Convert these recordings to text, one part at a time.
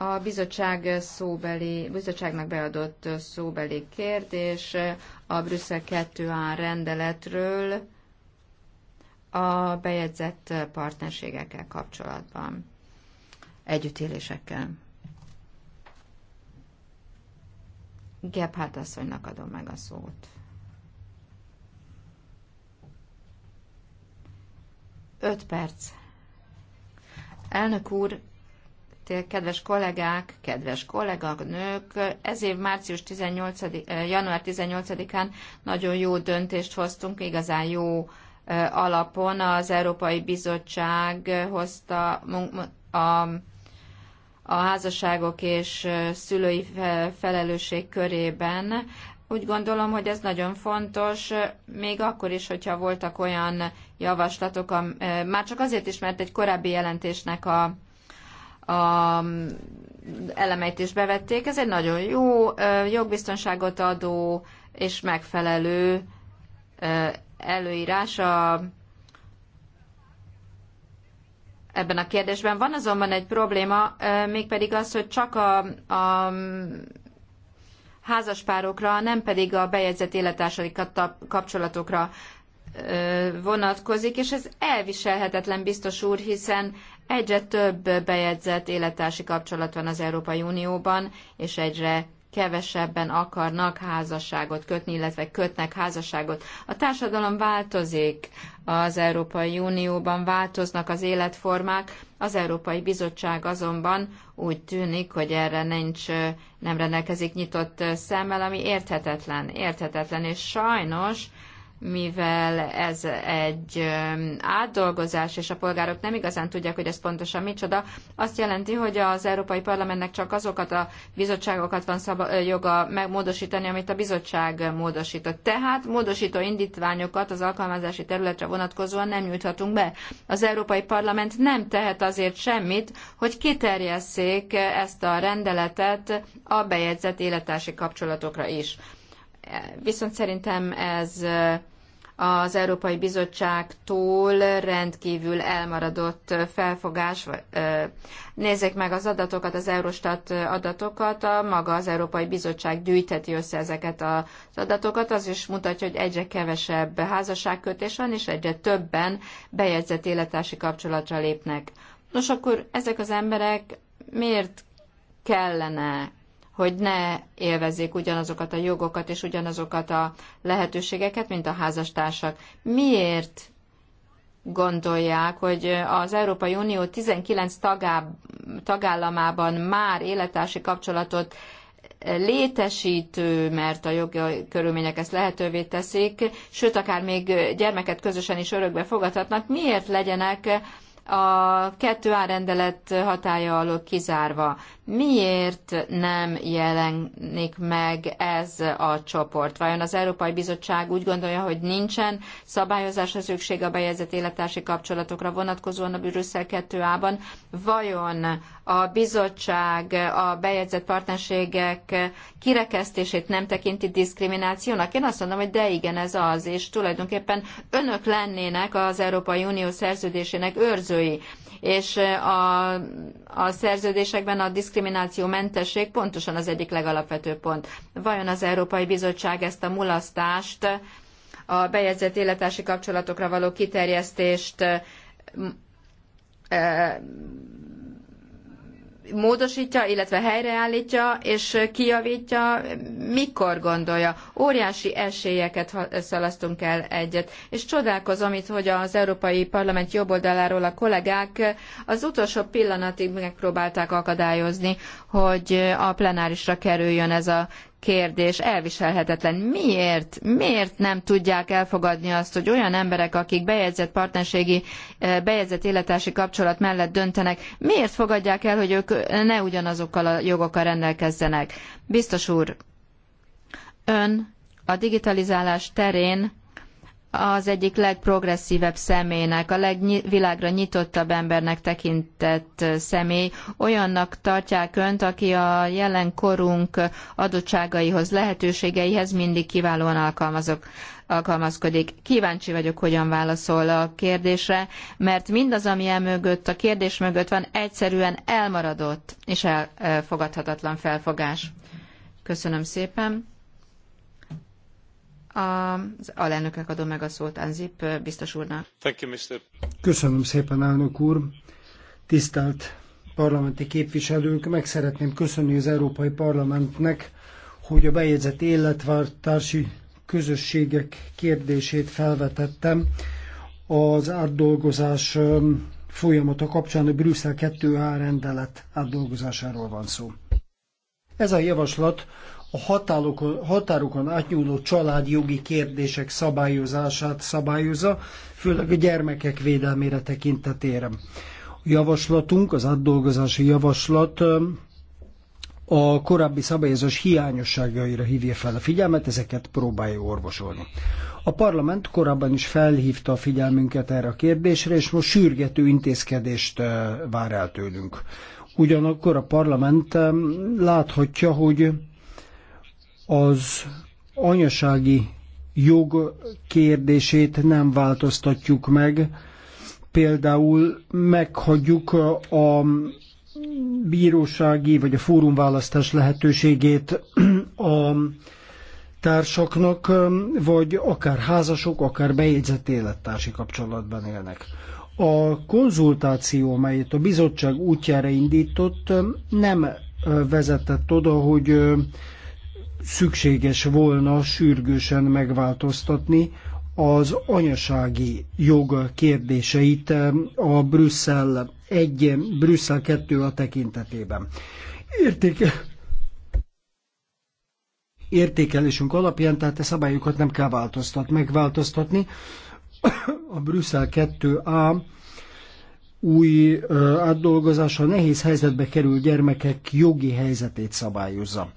A bizottság szóbeli, bizottságnak beadott szóbeli kérdés a Brüsszel 2A rendeletről a bejegyzett partnerségekkel kapcsolatban, együttélésekkel. Gebhardt asszonynak adom meg a szót. Öt perc. Elnök úr, itt, kedves kollégák, kedves kollégák, nők, ez év március 18, eh, január 18-án nagyon jó döntést hoztunk, igazán jó eh, alapon az Európai Bizottság eh, hozta a, a házasságok és szülői felelősség körében. Úgy gondolom, hogy ez nagyon fontos, még akkor is, hogyha voltak olyan javaslatok, már csak azért is, mert egy korábbi jelentésnek a a elemeit is bevették. Ez egy nagyon jó jogbiztonságot adó és megfelelő előírás a ebben a kérdésben. Van azonban egy probléma, mégpedig az, hogy csak a, a házaspárokra, nem pedig a bejegyzett élettársadik kapcsolatokra vonatkozik, és ez elviselhetetlen, biztos úr, hiszen egyre több bejegyzett élettársi kapcsolat van az Európai Unióban, és egyre kevesebben akarnak házasságot kötni, illetve kötnek házasságot. A társadalom változik, az Európai Unióban változnak az életformák, az Európai Bizottság azonban úgy tűnik, hogy erre nincs, nem rendelkezik nyitott szemmel, ami érthetetlen, érthetetlen, és sajnos mivel ez egy átdolgozás, és a polgárok nem igazán tudják, hogy ez pontosan micsoda, azt jelenti, hogy az Európai Parlamentnek csak azokat a bizottságokat van szaba, joga megmódosítani, amit a bizottság módosított. Tehát módosító indítványokat az alkalmazási területre vonatkozóan nem nyújthatunk be. Az Európai Parlament nem tehet azért semmit, hogy kiterjesszék ezt a rendeletet a bejegyzett élettársi kapcsolatokra is viszont szerintem ez az Európai Bizottságtól rendkívül elmaradott felfogás. Nézzék meg az adatokat, az Eurostat adatokat, a maga az Európai Bizottság gyűjteti össze ezeket az adatokat, az is mutatja, hogy egyre kevesebb házasságkötés van, és egyre többen bejegyzett életási kapcsolatra lépnek. Nos, akkor ezek az emberek miért kellene hogy ne élvezzék ugyanazokat a jogokat és ugyanazokat a lehetőségeket, mint a házastársak. Miért gondolják, hogy az Európai Unió 19 tagá, tagállamában már élettársi kapcsolatot létesítő, mert a jogi körülmények ezt lehetővé teszik, sőt, akár még gyermeket közösen is örökbe fogadhatnak, miért legyenek a 2A rendelet hatája alól kizárva. Miért nem jelenik meg ez a csoport? Vajon az Európai Bizottság úgy gondolja, hogy nincsen szabályozásra szükség a bejegyzett élettársi kapcsolatokra vonatkozóan a Brüsszel 2A-ban? Vajon a bizottság a bejegyzett partnerségek kirekesztését nem tekinti diszkriminációnak? Én azt mondom, hogy de igen, ez az, és tulajdonképpen önök lennének az Európai Unió szerződésének őrzői és a, a szerződésekben a diszkrimináció mentesség pontosan az egyik legalapvető pont. Vajon az Európai Bizottság ezt a mulasztást, a bejegyzett élettársi kapcsolatokra való kiterjesztést e, módosítja, illetve helyreállítja és kijavítja, mikor gondolja. Óriási esélyeket szalasztunk el egyet. És csodálkozom itt, hogy az Európai Parlament jobb oldaláról a kollégák az utolsó pillanatig megpróbálták akadályozni, hogy a plenárisra kerüljön ez a kérdés elviselhetetlen. Miért? Miért nem tudják elfogadni azt, hogy olyan emberek, akik bejegyzett partnerségi, eh, bejegyzett élettársi kapcsolat mellett döntenek, miért fogadják el, hogy ők eh, ne ugyanazokkal a jogokkal rendelkezzenek? Biztos úr, ön a digitalizálás terén az egyik legprogresszívebb személynek, a legvilágra nyitottabb embernek tekintett személy, olyannak tartják önt, aki a jelen korunk adottságaihoz, lehetőségeihez mindig kiválóan alkalmazok, alkalmazkodik. Kíváncsi vagyok, hogyan válaszol a kérdésre, mert mindaz, ami e mögött, a kérdés mögött van, egyszerűen elmaradott és elfogadhatatlan felfogás. Köszönöm szépen. Az alelnöknek adom meg a szót Anzip biztos úrnak. Thank you, Mr. Köszönöm szépen, elnök úr. Tisztelt parlamenti képviselők, meg szeretném köszönni az Európai Parlamentnek, hogy a bejegyzett életvártási közösségek kérdését felvetettem az átdolgozás folyamata kapcsán a Brüsszel 2A rendelet átdolgozásáról van szó. Ez a javaslat a határokon, határokon átnyúló családjogi kérdések szabályozását szabályozza, főleg a gyermekek védelmére tekintetére. A javaslatunk, az átdolgozási javaslat a korábbi szabályozás hiányosságaira hívja fel a figyelmet, ezeket próbálja orvosolni. A parlament korábban is felhívta a figyelmünket erre a kérdésre, és most sürgető intézkedést vár el tőlünk. Ugyanakkor a parlament láthatja, hogy az anyasági jog kérdését nem változtatjuk meg. Például meghagyjuk a bírósági vagy a fórumválasztás lehetőségét a társaknak, vagy akár házasok, akár bejegyzett élettársi kapcsolatban élnek. A konzultáció, melyet a bizottság útjára indított, nem vezetett oda, hogy szükséges volna sürgősen megváltoztatni az anyasági jog kérdéseit eh, a Brüsszel 1, Brüsszel 2 a tekintetében. Értéke, értékelésünk alapján, tehát a szabályokat nem kell változtat, megváltoztatni. A Brüsszel 2A új eh, átdolgozása nehéz helyzetbe kerül gyermekek jogi helyzetét szabályozza.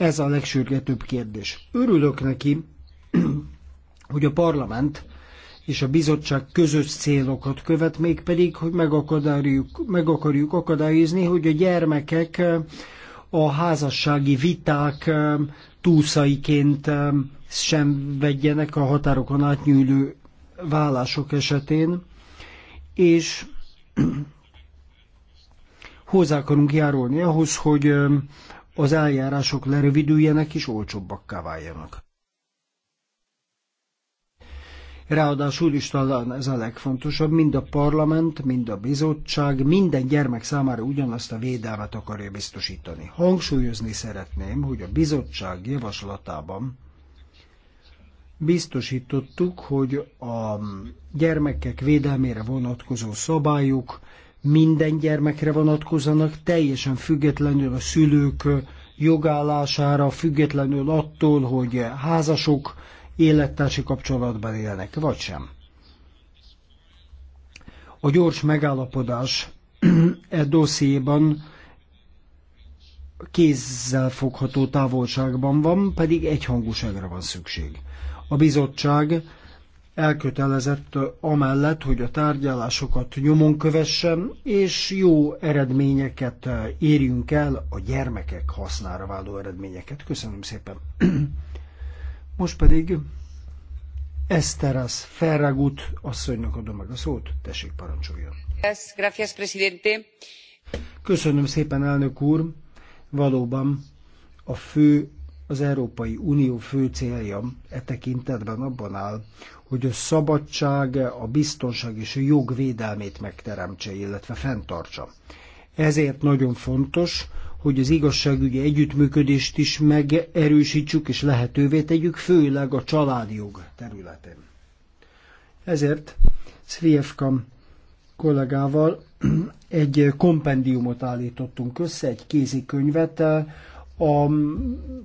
Ez a legsürgetőbb kérdés. Örülök neki, hogy a parlament és a bizottság közös célokat követ, mégpedig, hogy meg akarjuk, meg akarjuk akadályozni, hogy a gyermekek eh, a házassági viták eh, túszaiként eh, sem vegyenek a határokon átnyúló vállások esetén, és hozzá akarunk járulni ahhoz, hogy az eljárások lerövidüljenek és olcsóbbakká váljanak. Ráadásul is talán ez a legfontosabb, mind a parlament, mind a bizottság minden gyermek számára ugyanazt a védelmet akarja biztosítani. Hangsúlyozni szeretném, hogy a bizottság javaslatában biztosítottuk, hogy a gyermekek védelmére vonatkozó szabályok minden gyermekre vonatkozanak, teljesen függetlenül a szülők jogállására, függetlenül attól, hogy házasok, élettársi kapcsolatban élnek, vagy sem. A gyors megállapodás e dossziéban kézzel fogható távolságban van, pedig egyhangúságra van szükség. A bizottság elkötelezett amellett, hogy a tárgyalásokat nyomon kövessen, és jó eredményeket érjünk el, a gyermekek hasznára váló eredményeket. Köszönöm szépen. Most pedig Eszteras Ferragut asszonynak adom meg a szót. Tessék, parancsoljon. Köszönöm szépen, elnök úr. Valóban a fő, az Európai Unió fő célja e tekintetben abban áll, hogy a szabadság, a biztonság és a jog védelmét megteremtse, illetve fenntartsa. Ezért nagyon fontos, hogy az igazságügyi együttműködést is megerősítsük és lehetővé tegyük, főleg a családjog területén. Ezért Szvijevka kollégával egy kompendiumot állítottunk össze, egy kézikönyvet a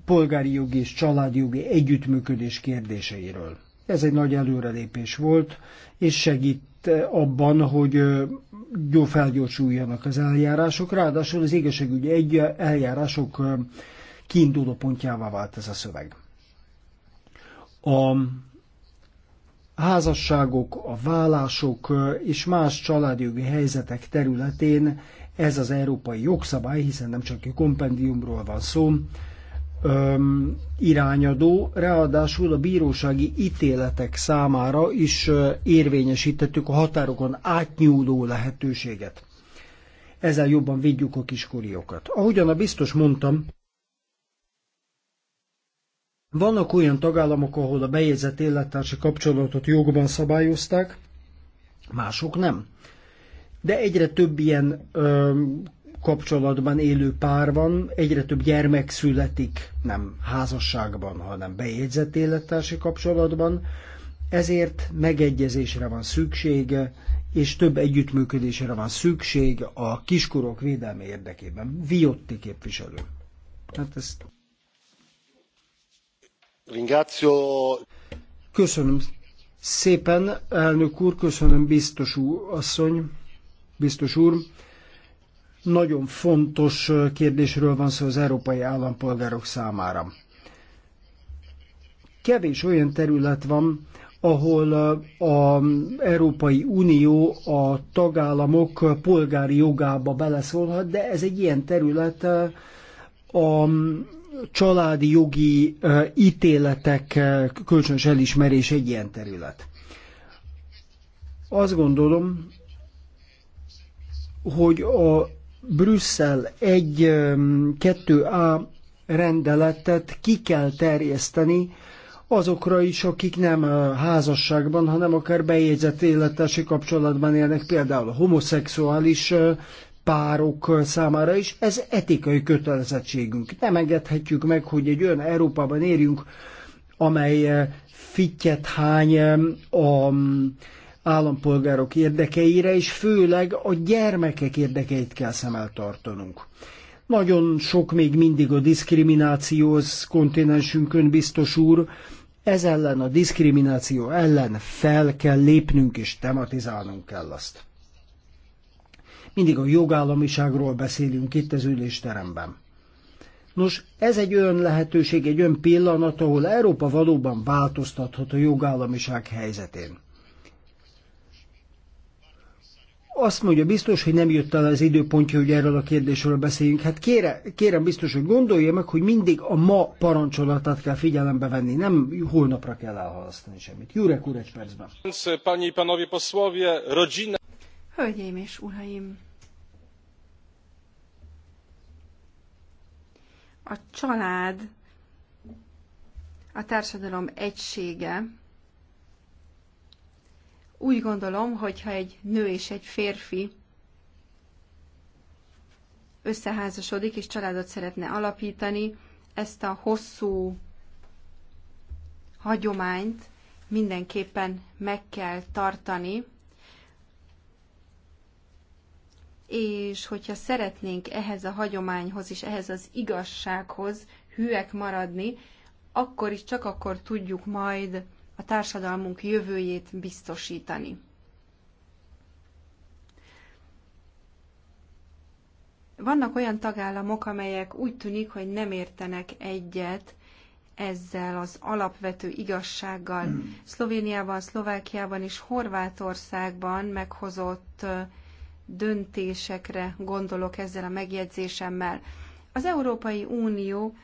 polgári jogi és családjogi együttműködés kérdéseiről. Ez egy nagy előrelépés volt, és segít eh, abban, hogy eh, felgyorsuljanak az eljárások. Ráadásul az égeségügyi egy eljárások eh, kiinduló pontjává vált ez a szöveg. A házasságok, a vállások és más családjogi helyzetek területén ez az európai jogszabály, hiszen nem csak egy kompendiumról van szó, öm, irányadó, ráadásul a bírósági ítéletek számára is érvényesítettük a határokon átnyúló lehetőséget. Ezzel jobban védjük a kiskoriokat. Ahogyan a biztos mondtam, vannak olyan tagállamok, ahol a bejegyzett élettársi kapcsolatot jogban szabályozták, mások nem. De egyre több ilyen ö, kapcsolatban élő pár van, egyre több gyermek születik, nem házasságban, hanem bejegyzett élettársi kapcsolatban, ezért megegyezésre van szüksége, és több együttműködésre van szükség a kiskorok védelme érdekében. Viotti képviselő. Hát ezt... Köszönöm szépen, elnök úr, köszönöm biztos úr, asszony, biztos úr. Nagyon fontos kérdésről van szó az európai állampolgárok számára. Kevés olyan terület van, ahol az Európai Unió a tagállamok polgári jogába beleszólhat, de ez egy ilyen terület a családi jogi ítéletek kölcsönös elismerés egy ilyen terület. Azt gondolom, hogy a Brüsszel egy 2 a rendeletet ki kell terjeszteni azokra is, akik nem házasságban, hanem akár bejegyzett élettársi kapcsolatban élnek, például homoszexuális párok számára is. Ez etikai kötelezettségünk. Nem engedhetjük meg, hogy egy olyan Európában érjünk, amely fittyet hány a állampolgárok érdekeire, és főleg a gyermekek érdekeit kell szem előtt tartanunk. Nagyon sok még mindig a diszkriminációhoz kontinensünkön biztos úr, ez ellen a diszkrimináció ellen fel kell lépnünk és tematizálnunk kell azt. Mindig a jogállamiságról beszélünk itt az ülésteremben. Nos, ez egy olyan lehetőség, egy olyan pillanat, ahol Európa valóban változtathat a jogállamiság helyzetén. azt mondja biztos, hogy nem jött el az időpontja, hogy erről a kérdésről beszéljünk. Hát kére, kérem biztos, hogy gondolja meg, hogy mindig a ma parancsolatát kell figyelembe venni, nem holnapra kell elhalasztani semmit. Jurek úr, egy percben. E, Hölgyeim és uraim! A család, a társadalom egysége, úgy gondolom, hogyha egy nő és egy férfi összeházasodik és családot szeretne alapítani, ezt a hosszú hagyományt mindenképpen meg kell tartani, és hogyha szeretnénk ehhez a hagyományhoz és ehhez az igazsághoz hűek maradni, akkor is csak akkor tudjuk majd a társadalmunk jövőjét biztosítani. Vannak olyan tagállamok, amelyek úgy tűnik, hogy nem értenek egyet ezzel az alapvető igazsággal. Hmm. Szlovéniában, Szlovákiában és Horvátországban meghozott döntésekre gondolok ezzel a megjegyzésemmel. Az Európai Unió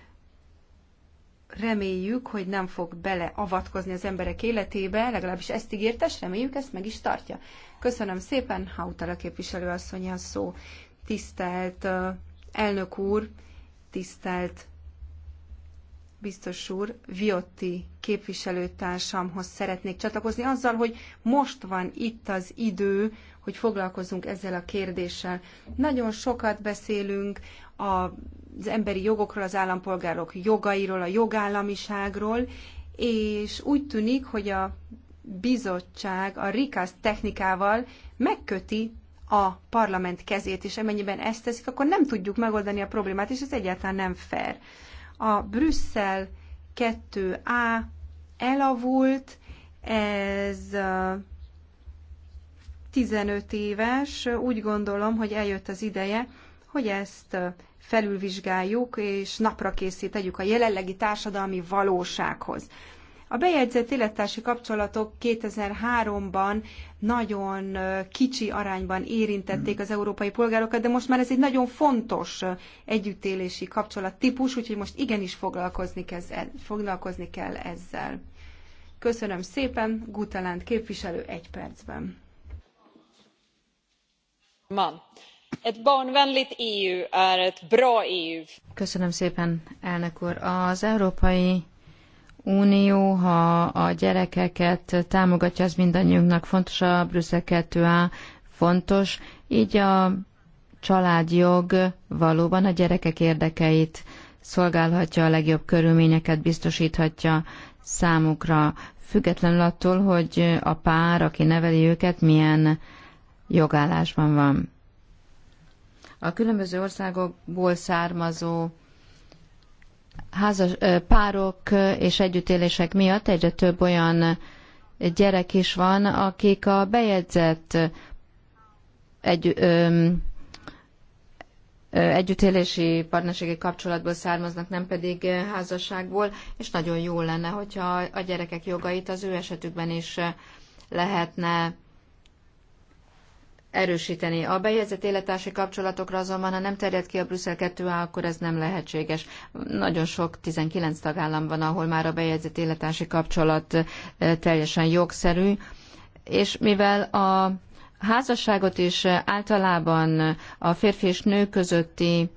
reméljük, hogy nem fog beleavatkozni az emberek életébe, legalábbis ezt ígérte, és reméljük ezt meg is tartja. Köszönöm szépen, Hautala asszony a szó. Tisztelt elnök úr, tisztelt biztos úr, Viotti képviselőtársamhoz szeretnék csatlakozni azzal, hogy most van itt az idő, hogy foglalkozunk ezzel a kérdéssel. Nagyon sokat beszélünk a az emberi jogokról, az állampolgárok jogairól, a jogállamiságról, és úgy tűnik, hogy a bizottság a RICASZ technikával megköti a parlament kezét, és amennyiben ezt teszik, akkor nem tudjuk megoldani a problémát, és ez egyáltalán nem fair. A Brüsszel 2A elavult, ez 15 éves, úgy gondolom, hogy eljött az ideje, hogy ezt felülvizsgáljuk és napra készítegyük a jelenlegi társadalmi valósághoz. A bejegyzett élettársi kapcsolatok 2003-ban nagyon kicsi arányban érintették az európai polgárokat, de most már ez egy nagyon fontos együttélési kapcsolat típus, úgyhogy most igenis foglalkozni, kezd, foglalkozni kell ezzel. Köszönöm szépen, Gutalánt képviselő egy percben. Man Ett barnvänligt EU är ett bra EU. Köszönöm szépen, elnök úr. Az Európai Unió, ha a gyerekeket támogatja, az mindannyiunknak fontos, a Brüsszel 2A fontos, így a családjog valóban a gyerekek érdekeit szolgálhatja, a legjobb körülményeket biztosíthatja számukra, függetlenül attól, hogy a pár, aki neveli őket, milyen jogállásban van a különböző országokból származó házas, párok és együttélések miatt egyre több olyan gyerek is van, akik a bejegyzett egy, ö, együttélési partnerségi kapcsolatból származnak, nem pedig házasságból, és nagyon jó lenne, hogyha a gyerekek jogait az ő esetükben is lehetne erősíteni. A bejegyzett élettársi kapcsolatokra azonban, ha nem terjed ki a Brüsszel 2A, akkor ez nem lehetséges. Nagyon sok 19 tagállam van, ahol már a bejegyzett élettársi kapcsolat teljesen jogszerű, és mivel a házasságot is általában a férfi és nő közötti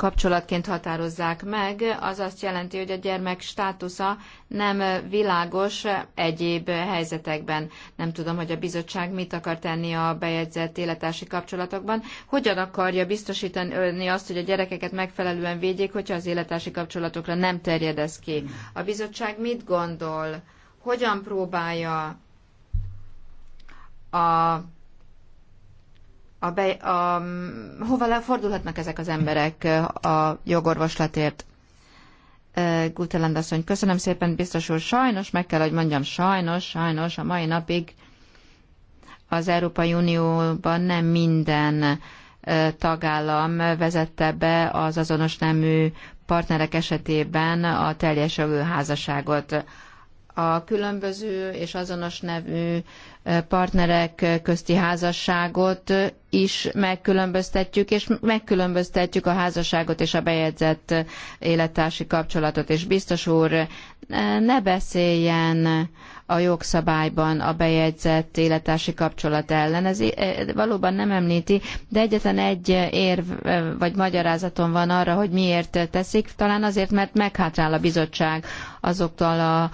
kapcsolatként határozzák meg, az azt jelenti, hogy a gyermek státusza nem világos egyéb helyzetekben. Nem tudom, hogy a bizottság mit akar tenni a bejegyzett életási kapcsolatokban, hogyan akarja biztosítani azt, hogy a gyerekeket megfelelően védjék, hogyha az életási kapcsolatokra nem terjedez ki. A bizottság mit gondol? Hogyan próbálja a a be, a, hova lefordulhatnak ezek az emberek a jogorvoslatért? Guteland asszony, köszönöm szépen, biztos úr, sajnos, meg kell, hogy mondjam, sajnos, sajnos a mai napig az Európai Unióban nem minden tagállam vezette be az azonos nemű partnerek esetében a teljes jogú házasságot a különböző és azonos nevű partnerek közti házasságot is megkülönböztetjük, és megkülönböztetjük a házasságot és a bejegyzett élettársi kapcsolatot. És biztos úr, ne beszéljen a jogszabályban a bejegyzett élettársi kapcsolat ellen. Ez valóban nem említi, de egyetlen egy érv vagy magyarázaton van arra, hogy miért teszik. Talán azért, mert meghátrál a bizottság azoktól a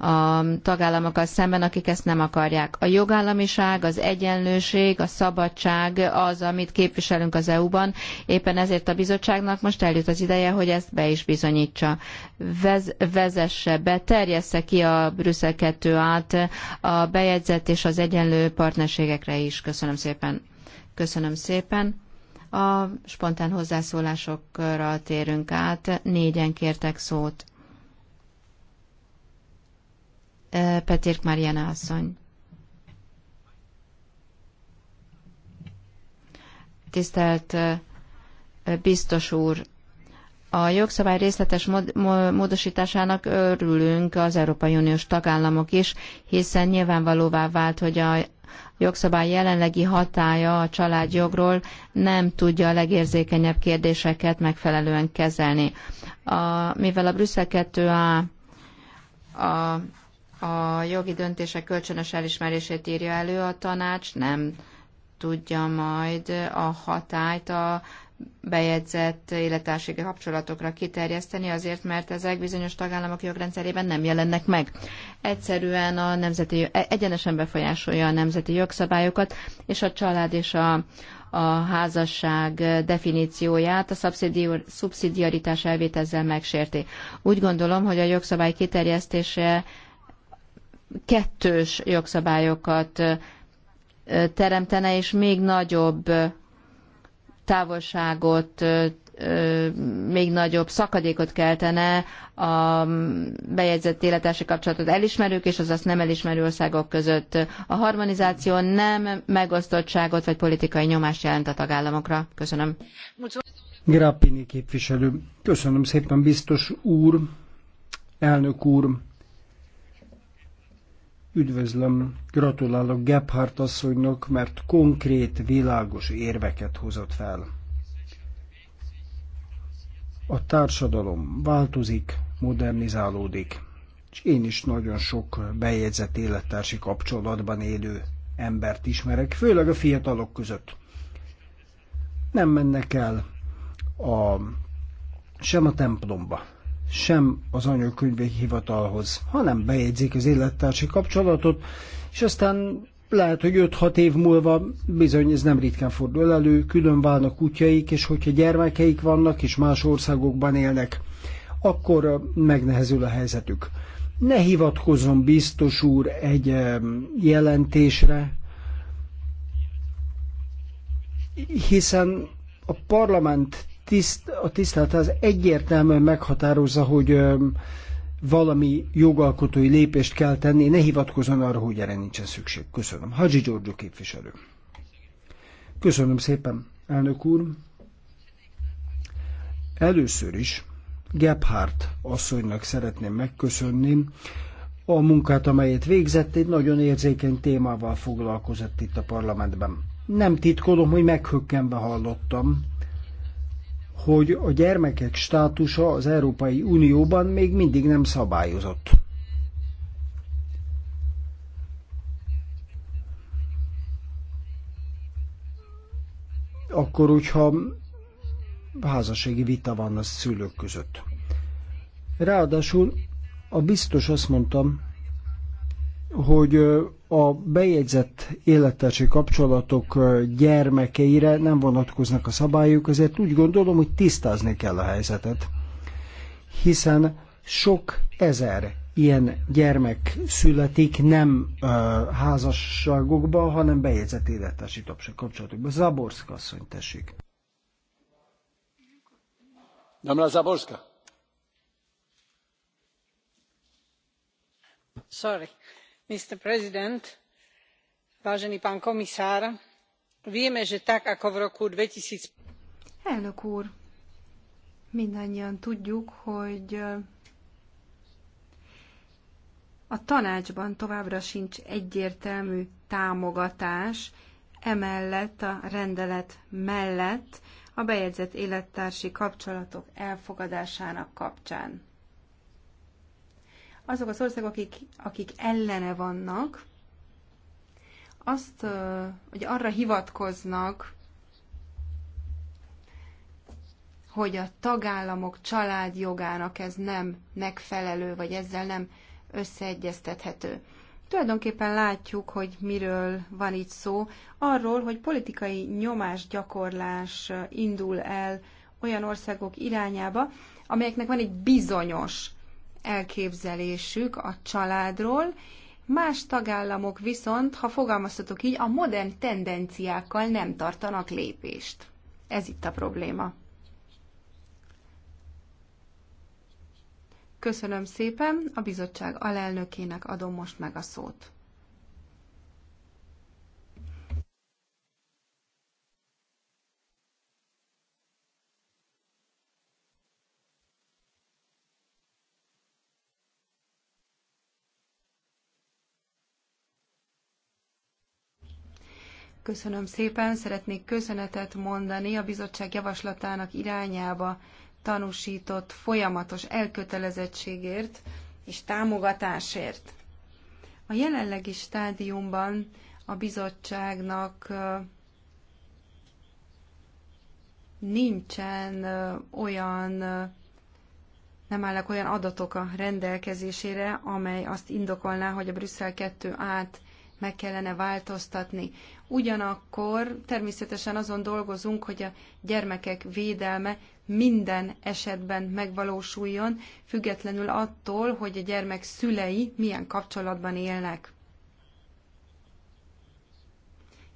a tagállamokkal szemben, akik ezt nem akarják. A jogállamiság, az egyenlőség, a szabadság az, amit képviselünk az EU-ban. Éppen ezért a bizottságnak most eljött az ideje, hogy ezt be is bizonyítsa. Vez, vezesse be, terjessze ki a Brüsszel 2 át a bejegyzett és az egyenlő partnerségekre is. Köszönöm szépen. Köszönöm szépen. A spontán hozzászólásokra térünk át. Négyen kértek szót. Eh, Petérk Mariana asszony. Tisztelt eh, biztos úr, a jogszabály részletes módosításának örülünk az Európai Uniós tagállamok is, hiszen nyilvánvalóvá vált, hogy a jogszabály jelenlegi hatája a családjogról nem tudja a legérzékenyebb kérdéseket megfelelően kezelni. A, mivel a Brüsszel 2A a a jogi döntések kölcsönös elismerését írja elő a tanács, nem tudja majd a hatályt a bejegyzett élettársi kapcsolatokra kiterjeszteni, azért mert ezek bizonyos tagállamok jogrendszerében nem jelennek meg. Egyszerűen a nemzeti, egyenesen befolyásolja a nemzeti jogszabályokat, és a család és a, a házasság definícióját, a szubszidiaritás elvét ezzel megsérti. Úgy gondolom, hogy a jogszabály kiterjesztése kettős jogszabályokat teremtene, és még nagyobb távolságot, még nagyobb szakadékot keltene a mm, bejegyzett életási kapcsolatot elismerők és azaz nem elismerő országok között. A harmonizáció nem megosztottságot vagy politikai nyomást jelent a tagállamokra. Köszönöm. Grappini képviselő. Köszönöm szépen, biztos úr, elnök úr. Üdvözlöm, gratulálok Gebhardt asszonynak, mert konkrét, világos érveket hozott fel. A társadalom változik, modernizálódik, és én is nagyon sok bejegyzett élettársi kapcsolatban élő embert ismerek, főleg a fiatalok között. Nem mennek el a, sem a templomba, sem az anyakönyvi hivatalhoz, hanem bejegyzik az élettársi kapcsolatot, és aztán lehet, hogy 5-6 év múlva bizony ez nem ritkán fordul elő, külön válnak kutyaik, és hogyha gyermekeik vannak és más országokban élnek, akkor megnehezül a helyzetük. Ne hivatkozom biztos úr egy jelentésre, hiszen a parlament tiszt, a tisztelet az egyértelműen meghatározza, hogy valami jogalkotói lépést kell tenni, ne hivatkozzon arra, hogy erre nincsen szükség. Köszönöm. Hadzsi Gyorgyó képviselő. Köszönöm szépen, elnök úr. Először is Gebhardt asszonynak szeretném megköszönni a munkát, amelyet végzett, egy nagyon érzékeny témával foglalkozott itt a parlamentben. Nem titkolom, hogy meghökkenve hallottam, hogy a gyermekek státusa az Európai Unióban még mindig nem szabályozott. Akkor, hogyha házassági vita van a szülők között. Ráadásul a biztos azt mondtam, hogy a bejegyzett élettársi kapcsolatok gyermekeire nem vonatkoznak a szabályok, ezért úgy gondolom, hogy tisztázni kell a helyzetet. Hiszen sok ezer ilyen gyermek születik nem ö, házasságokba, hanem bejegyzett élettársi kapcsolatokba. Zaborszka asszony, tessék. lesz Zaborszka. Sorry vážený pán komisár vieme že tak ako v roku two thousand. elnök úr mindannyian tudjuk hogy a tanácsban továbbra sincs egyértelmű támogatás emellett a rendelet mellett a bejegyzett élettársi kapcsolatok elfogadásának kapcsán azok az országok, akik, akik ellene vannak, azt, hogy arra hivatkoznak, hogy a tagállamok családjogának ez nem megfelelő, vagy ezzel nem összeegyeztethető. Tulajdonképpen látjuk, hogy miről van itt szó. Arról, hogy politikai nyomásgyakorlás indul el olyan országok irányába, amelyeknek van egy bizonyos elképzelésük a családról, más tagállamok viszont, ha fogalmazhatok így, a modern tendenciákkal nem tartanak lépést. Ez itt a probléma. Köszönöm szépen, a bizottság alelnökének adom most meg a szót. Köszönöm szépen, szeretnék köszönetet mondani a bizottság javaslatának irányába tanúsított folyamatos elkötelezettségért és támogatásért. A jelenlegi stádiumban a bizottságnak nincsen olyan, nem állnak olyan adatok a rendelkezésére, amely azt indokolná, hogy a Brüsszel 2 át meg kellene változtatni. Ugyanakkor természetesen azon dolgozunk, hogy a gyermekek védelme minden esetben megvalósuljon, függetlenül attól, hogy a gyermek szülei milyen kapcsolatban élnek.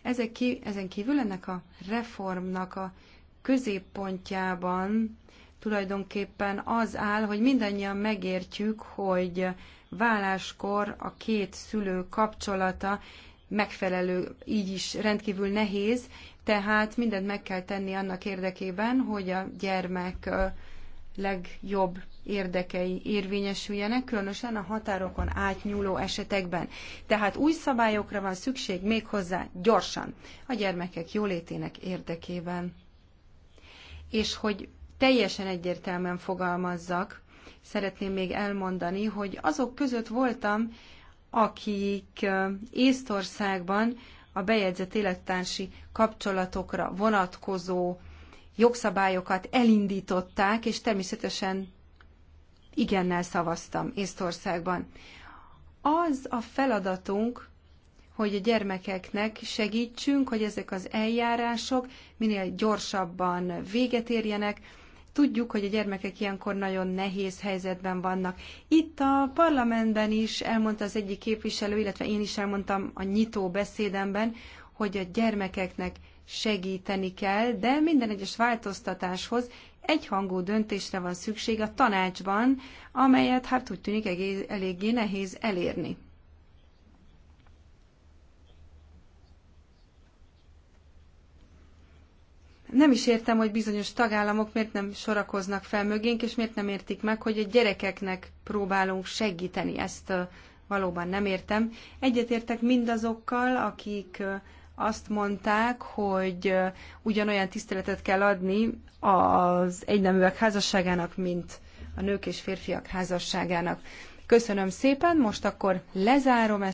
Ezek ki, ezen kívül ennek a reformnak a középpontjában tulajdonképpen az áll, hogy mindannyian megértjük, hogy válláskor a két szülő kapcsolata megfelelő, így is rendkívül nehéz, tehát mindent meg kell tenni annak érdekében, hogy a gyermek legjobb érdekei érvényesüljenek, különösen a határokon átnyúló esetekben. Tehát új szabályokra van szükség méghozzá gyorsan a gyermekek jólétének érdekében. És hogy teljesen egyértelműen fogalmazzak, szeretném még elmondani, hogy azok között voltam, akik Észtországban a bejegyzett élettársi kapcsolatokra vonatkozó jogszabályokat elindították, és természetesen igennel szavaztam Észtországban. Az a feladatunk, hogy a gyermekeknek segítsünk, hogy ezek az eljárások minél gyorsabban véget érjenek, Tudjuk, hogy a gyermekek ilyenkor nagyon nehéz helyzetben vannak. Itt a parlamentben is elmondta az egyik képviselő, illetve én is elmondtam a nyitó beszédemben, hogy a gyermekeknek segíteni kell, de minden egyes változtatáshoz egyhangú döntésre van szükség a tanácsban, amelyet hát úgy tűnik eléggé nehéz elérni. Nem is értem, hogy bizonyos tagállamok miért nem sorakoznak fel mögénk, és miért nem értik meg, hogy a gyerekeknek próbálunk segíteni. Ezt valóban nem értem. Egyetértek mindazokkal, akik azt mondták, hogy ugyanolyan tiszteletet kell adni az egyneműek házasságának, mint a nők és férfiak házasságának. Köszönöm szépen, most akkor lezárom ezt.